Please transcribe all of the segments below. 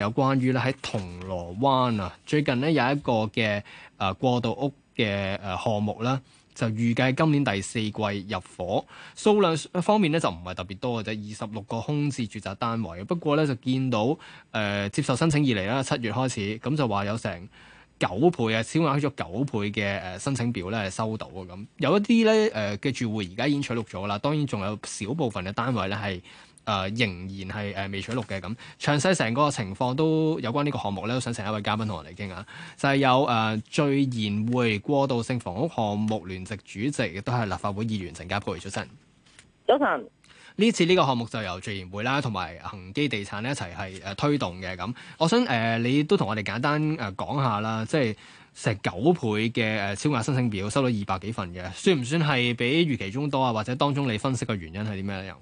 有關於咧喺銅鑼灣啊，最近咧有一個嘅誒過渡屋嘅誒項目啦，就預計今年第四季入伙。數量方面咧就唔係特別多嘅啫，二十六個空置住宅單位。不過咧就見到誒、呃、接受申請以嚟啦，七月開始咁就話有成九倍啊，超額咗九倍嘅誒申請表咧係收到啊咁，有一啲咧誒嘅住戶而家已經取錄咗啦，當然仲有少部分嘅單位咧係。仍然係未取錄嘅咁，詳細成個情況都有關呢個項目咧，都想請一位嘉賓同我哋傾下。就係、是、有誒聚賢薈過渡性房屋項目聯席主席，亦都係立法會議員陳家珮先生上。早晨，呢次呢個項目就由聚賢薈啦，同埋恒基地產咧一齊係推動嘅咁。我想、呃、你都同我哋簡單誒講下啦，即係成九倍嘅超額申請表收到二百幾份嘅，算唔算係比預期中多啊？或者當中你分析嘅原因係啲咩咧？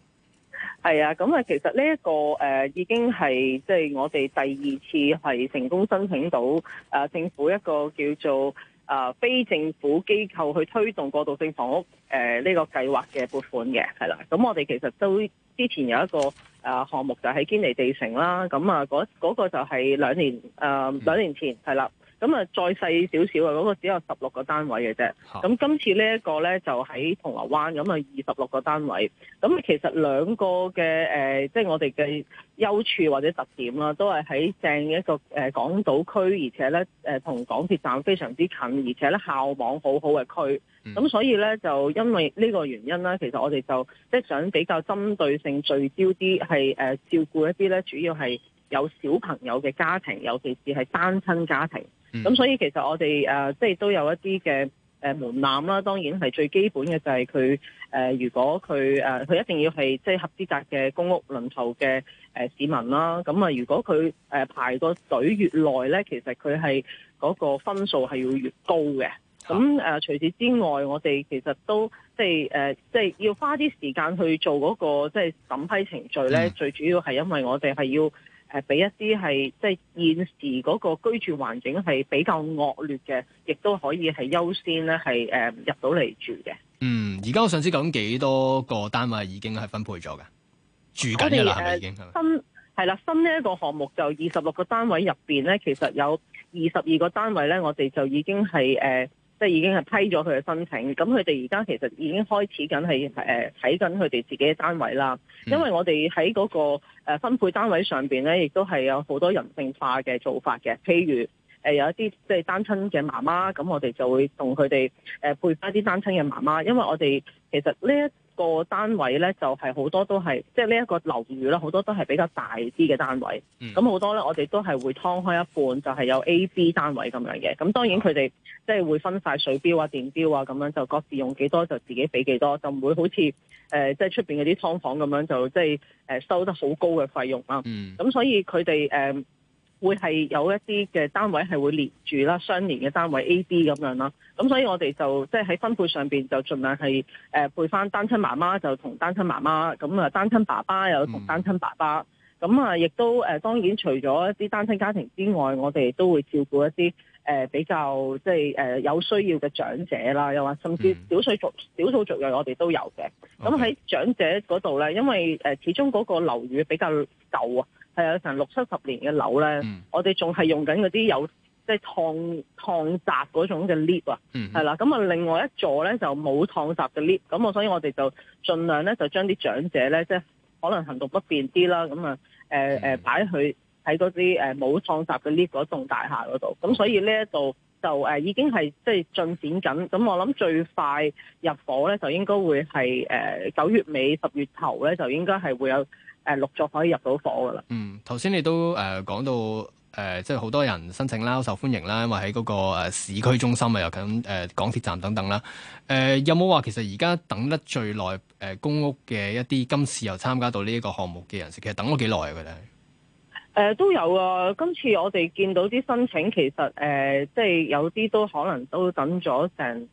係啊，咁啊，其實呢、這、一個誒、呃，已經係即係我哋第二次係成功申請到、呃、政府一個叫做、呃、非政府機構去推動過渡性房屋誒呢、呃這個計劃嘅撥款嘅，係啦、啊。咁我哋其實都之前有一個啊項目就喺堅尼地城啦，咁啊嗰個就係兩年誒兩、呃嗯、年前係啦。咁啊，再細少少，嗰個只有十六個單位嘅啫。咁今次呢一個呢，就喺銅鑼灣，咁啊二十六個單位。咁其實兩個嘅誒，即、呃、係、就是、我哋嘅優處或者特點啦、啊，都係喺正一個、呃、港島區，而且呢同、呃、港鐵站非常之近，而且呢校網好好嘅區。咁、嗯、所以呢，就因為呢個原因啦，其實我哋就即係想比較針對性聚焦啲，係誒、呃、照顧一啲呢，主要係有小朋友嘅家庭，尤其是係單親家庭。咁、嗯、所以其實我哋誒、呃、即係都有一啲嘅誒門檻啦，當然係最基本嘅就係佢誒，如果佢誒佢一定要係即係合資格嘅公屋輪候嘅、呃、市民啦，咁啊如果佢、呃、排個隊越耐咧，其實佢係嗰個分數係要越高嘅。咁誒、啊呃、除此之外，我哋其實都即係誒、呃、即係要花啲時間去做嗰、那個即係審批程序咧，嗯、最主要係因為我哋係要。誒俾一啲係即係現時嗰個居住環境係比較惡劣嘅，亦都可以係優先咧，係誒入到嚟住嘅。嗯，而家、嗯、我想知，究竟幾多個單位已經係分配咗㗎？住緊嘅啦，哋，係咪已經係啦。新係啦，新呢一個項目就二十六個單位入面咧，其實有二十二個單位咧，我哋就已經係誒。呃即係已經係批咗佢嘅申請，咁佢哋而家其實已經開始緊係誒睇緊佢哋自己嘅單位啦。因為我哋喺嗰個分配單位上邊咧，亦都係有好多人性化嘅做法嘅。譬如誒、呃、有一啲即係單親嘅媽媽，咁我哋就會同佢哋誒配翻啲單親嘅媽媽，因為我哋其實呢一個單位咧就係好多都係即係呢一個樓宇啦，好多都係比較大啲嘅單位。咁好、mm. 多咧，我哋都係會劏開一半，就係有 A、B 單位咁樣嘅。咁當然佢哋即係會分晒水錶啊、電錶啊咁樣，就各自用幾多就自己俾幾多，就唔會好似誒即係出邊嘅啲劏房咁樣，就即係誒收得好高嘅費用啦。咁、mm. 所以佢哋誒。呃會係有一啲嘅單位係會連住啦，相連嘅單位 A、B 咁樣啦。咁所以我哋就即係喺分配上面，就盡量係、呃、配翻單親媽媽就同單親媽媽，咁啊單親爸爸又同單親爸爸。咁啊、嗯，亦都誒、呃、當然除咗一啲單親家庭之外，我哋都會照顧一啲誒、呃、比較即係誒有需要嘅長者啦，又或者甚至少數族少、嗯、數族裔我哋都有嘅。咁喺長者嗰度咧，因為誒、呃、始終嗰個樓宇比較舊啊。係有成六七十年嘅樓咧，嗯、我哋仲係用緊嗰啲有即係趟趟閘嗰種嘅 lift 啊，係啦、嗯哼，咁啊另外一座咧就冇趟閘嘅 lift，咁我所以我哋就盡量咧就將啲長者咧即係可能行動不便啲啦，咁啊誒誒擺佢喺嗰啲誒冇趟閘嘅 lift 嗰棟大廈嗰度，咁所以呢一度就誒已經係即係進展緊，咁我諗最快入伙咧就應該會係誒九月尾十月頭咧就應該係會有。誒，陸續可以入到伙㗎喇。嗯，頭先你都誒講、呃、到誒、呃，即係好多人申請啦，好受歡迎啦，因為喺嗰、那個誒、呃、市區中心啊，又近誒港鐵站等等啦。誒、呃，有冇話其實而家等得最耐誒、呃、公屋嘅一啲今次又參加到呢一個項目嘅人士，其實等咗幾耐嘅咧？誒、呃，都有啊。今次我哋見到啲申請，其實誒，即、呃、係、就是、有啲都可能都等咗成誒。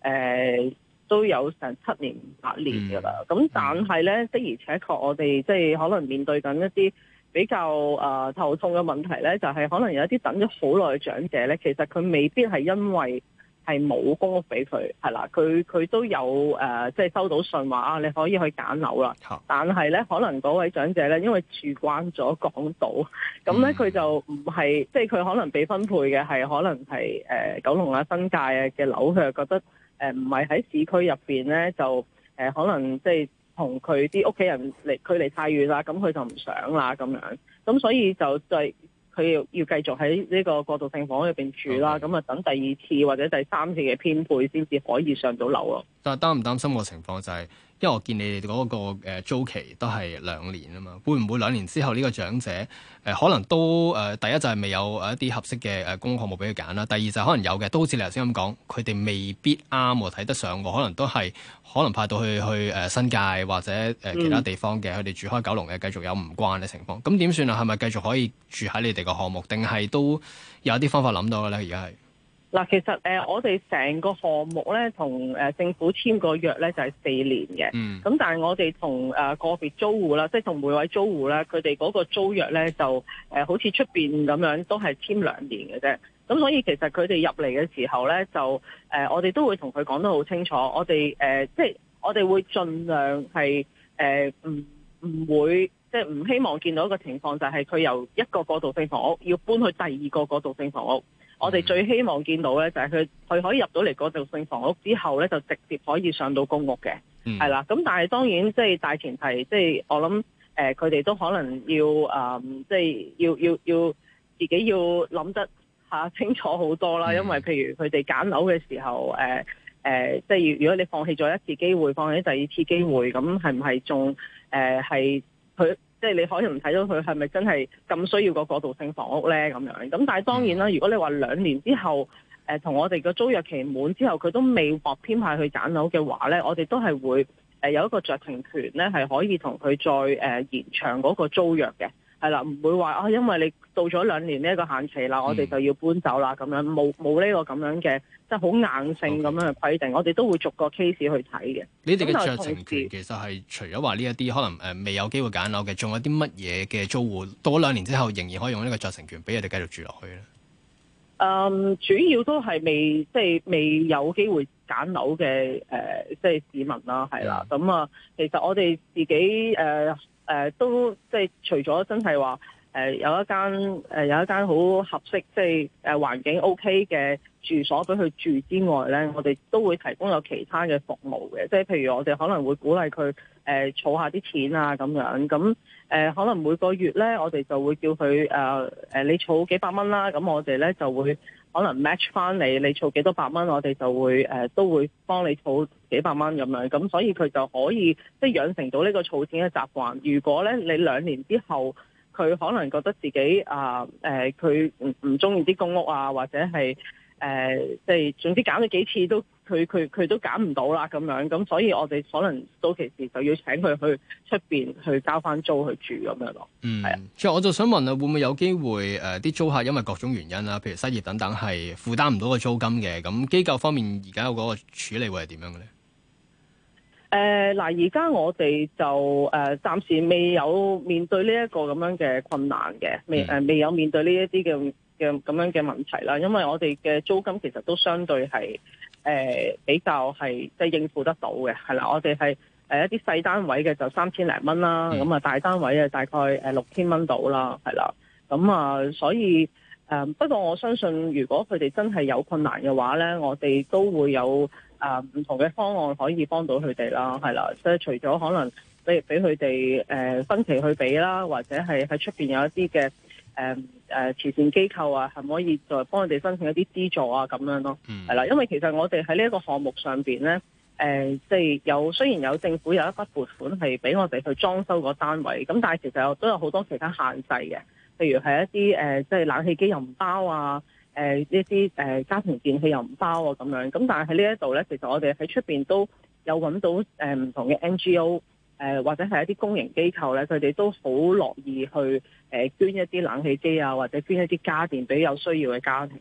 呃都有成七年八年噶啦，咁、嗯、但係呢，的而且確，我哋即係可能面對緊一啲比較啊、呃、頭痛嘅問題呢，就係、是、可能有一啲等咗好耐嘅長者呢，其實佢未必係因為係冇公屋俾佢，係啦，佢佢都有誒、呃，即係收到信話啊，你可以去揀樓啦，好但係呢，可能嗰位長者呢，因為住慣咗港島，咁呢、嗯、佢就唔係即係佢可能被分配嘅係可能係誒、呃、九龍啊新界啊嘅樓，佢又覺得。誒唔係喺市區入邊咧，就誒、呃、可能即係同佢啲屋企人離距離太遠啦，咁佢就唔想啦咁樣，咁所以就就係佢要要繼續喺呢個過渡性房屋入邊住啦，咁啊 Okay. 等第二次或者第三次嘅編配先至可以上到樓咯。但係擔唔擔心個情況就係、是？因為我見你哋嗰、那個呃、租期都係兩年啊嘛，會唔會兩年之後呢個長者、呃、可能都、呃、第一就係未有一啲合適嘅、呃、公項目俾佢揀啦，第二就可能有嘅，都好似你頭先咁講，佢哋未必啱我睇得上喎，可能都係可能派到去去、呃、新界或者、呃、其他地方嘅，佢哋、嗯、住開九龍嘅繼續有唔慣嘅情況，咁點算啊？係咪繼續可以住喺你哋個項目，定係都有一啲方法諗到嘅咧而家係？嗱，其實誒，我哋成個項目咧，同誒政府簽個約咧，就係四年嘅。咁、嗯、但係我哋同誒個別租戶啦，即係同每位租戶啦，佢哋嗰個租約咧，就誒好似出面咁樣，都係簽兩年嘅啫。咁所以其實佢哋入嚟嘅時候咧，就誒我哋都會同佢講得好清楚，我哋誒即係我哋會盡量係誒唔唔會即係唔希望見到一個情況，就係佢由一個過渡性房屋要搬去第二個過渡性房屋。Mm hmm. 我哋最希望見到咧，就係佢佢可以入到嚟嗰度性房屋之後咧，就直接可以上到公屋嘅，係啦、mm。咁、hmm. 但係當然即係、就是、大前提，即、就、係、是、我諗誒，佢、呃、哋都可能要啊，即、呃、係、就是、要要要自己要諗得吓清楚好多啦。Mm hmm. 因為譬如佢哋揀樓嘅時候，誒即係如果你放棄咗一次機會，放棄第二次機會，咁係唔係仲誒係佢？Hmm. 即係你可以唔睇到佢係咪真係咁需要個過渡性房屋呢？咁樣，咁但係當然啦，如果你話兩年之後，誒、呃、同我哋嘅租約期滿之後，佢都未獲編派去揀樓嘅話呢，我哋都係會誒、呃、有一個酌情權呢，係可以同佢再誒、呃、延長嗰個租約嘅。係啦，唔會話啊，因為你到咗兩年呢一個限期，啦，我哋就要搬走啦，咁、嗯、樣冇冇呢個咁樣嘅，即係好硬性咁樣嘅規定，Okay. 我哋都會逐個 case 去睇嘅。你哋嘅酌情權，後其實係除咗話呢一啲可能誒、呃、未有機會揀樓嘅，仲有啲乜嘢嘅租戶，到咗兩年之後，仍然可以用呢個酌情權俾佢哋繼續住落去咧？嗯，主要都係未即係未有機會揀樓嘅誒、呃，即係市民啦，係啦。咁啊、嗯嗯嗯，其實我哋自己誒。呃誒、呃、都即係除咗真係話誒有一間誒、呃、有一間好合適即係誒、呃、環境 OK 嘅住所俾佢住之外咧，我哋都會提供有其他嘅服務嘅，即係譬如我哋可能會鼓勵佢誒、呃、儲下啲錢啊咁樣，咁、呃、誒可能每個月咧，我哋就會叫佢誒、呃、你儲幾百蚊啦，咁我哋咧就會，可能 match 翻你，你儲幾多百蚊，我哋就會誒、呃、都會幫你儲幾百蚊咁樣，咁所以佢就可以即係養成到呢個儲錢嘅習慣。如果咧你兩年之後，佢可能覺得自己啊誒，佢唔唔中意啲公屋啊，或者係誒即係總之揀咗幾次都。佢佢佢都揀唔到啦，咁樣咁，所以我哋可能到期時就要請佢去出邊去交翻租去住咁樣咯。嗯，係啊。所以我就想問啊，會唔會有機會誒啲、呃、租客因為各種原因啦，譬如失業等等，係負擔唔到個租金嘅？咁機構方面而家有嗰個處理會係點樣嘅咧？誒、呃，嗱，而家我哋就誒暫時未有面對呢一個咁樣嘅困難嘅，未誒、嗯呃、未有面對呢一啲嘅嘅咁樣嘅問題啦。因為我哋嘅租金其實都相對係。誒、呃、比較係即、係、應付得到嘅，係啦。我哋係、呃、一啲細單位嘅就三千零蚊啦，咁啊、嗯、大單位嘅大概、呃、六千蚊到啦，係啦。咁啊、呃，所以誒、呃、不過我相信，如果佢哋真係有困難嘅話呢，我哋都會有誒唔、呃、同嘅方案可以幫到佢哋啦，係啦。即係除咗可能俾俾佢哋誒分期去俾啦，或者係喺出邊有一啲嘅。誒、誒慈善機構啊，係唔可以再幫我哋申請一啲資助啊，咁樣咯、啊，係啦、嗯，因為其實我哋喺呢一個項目上邊咧，誒即係有雖然有政府有一筆撥款係俾我哋去裝修個單位，咁但係其實我都有好多其他限制嘅，譬如係一啲誒即係冷氣機又唔包啊，誒一啲誒家庭電器又唔包啊咁樣，咁但係喺呢一度咧，其實我哋喺出邊都有揾到誒唔、呃、同嘅 NGO。誒或者係一啲公營機構咧，佢哋都好樂意去誒捐一啲冷氣機啊，或者捐一啲家電俾有需要嘅家庭。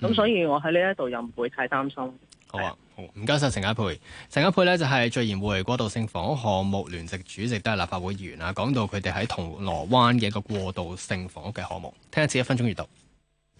咁所以，我喺呢一度又唔會太擔心。嗯、的好啊，好唔該晒。陳家珮。陳家珮呢就係聚賢薈過渡性房屋項目聯席主席，都係立法會議員啊。講到佢哋喺銅鑼灣嘅個過渡性房屋嘅項目，聽一次一分鐘閲讀。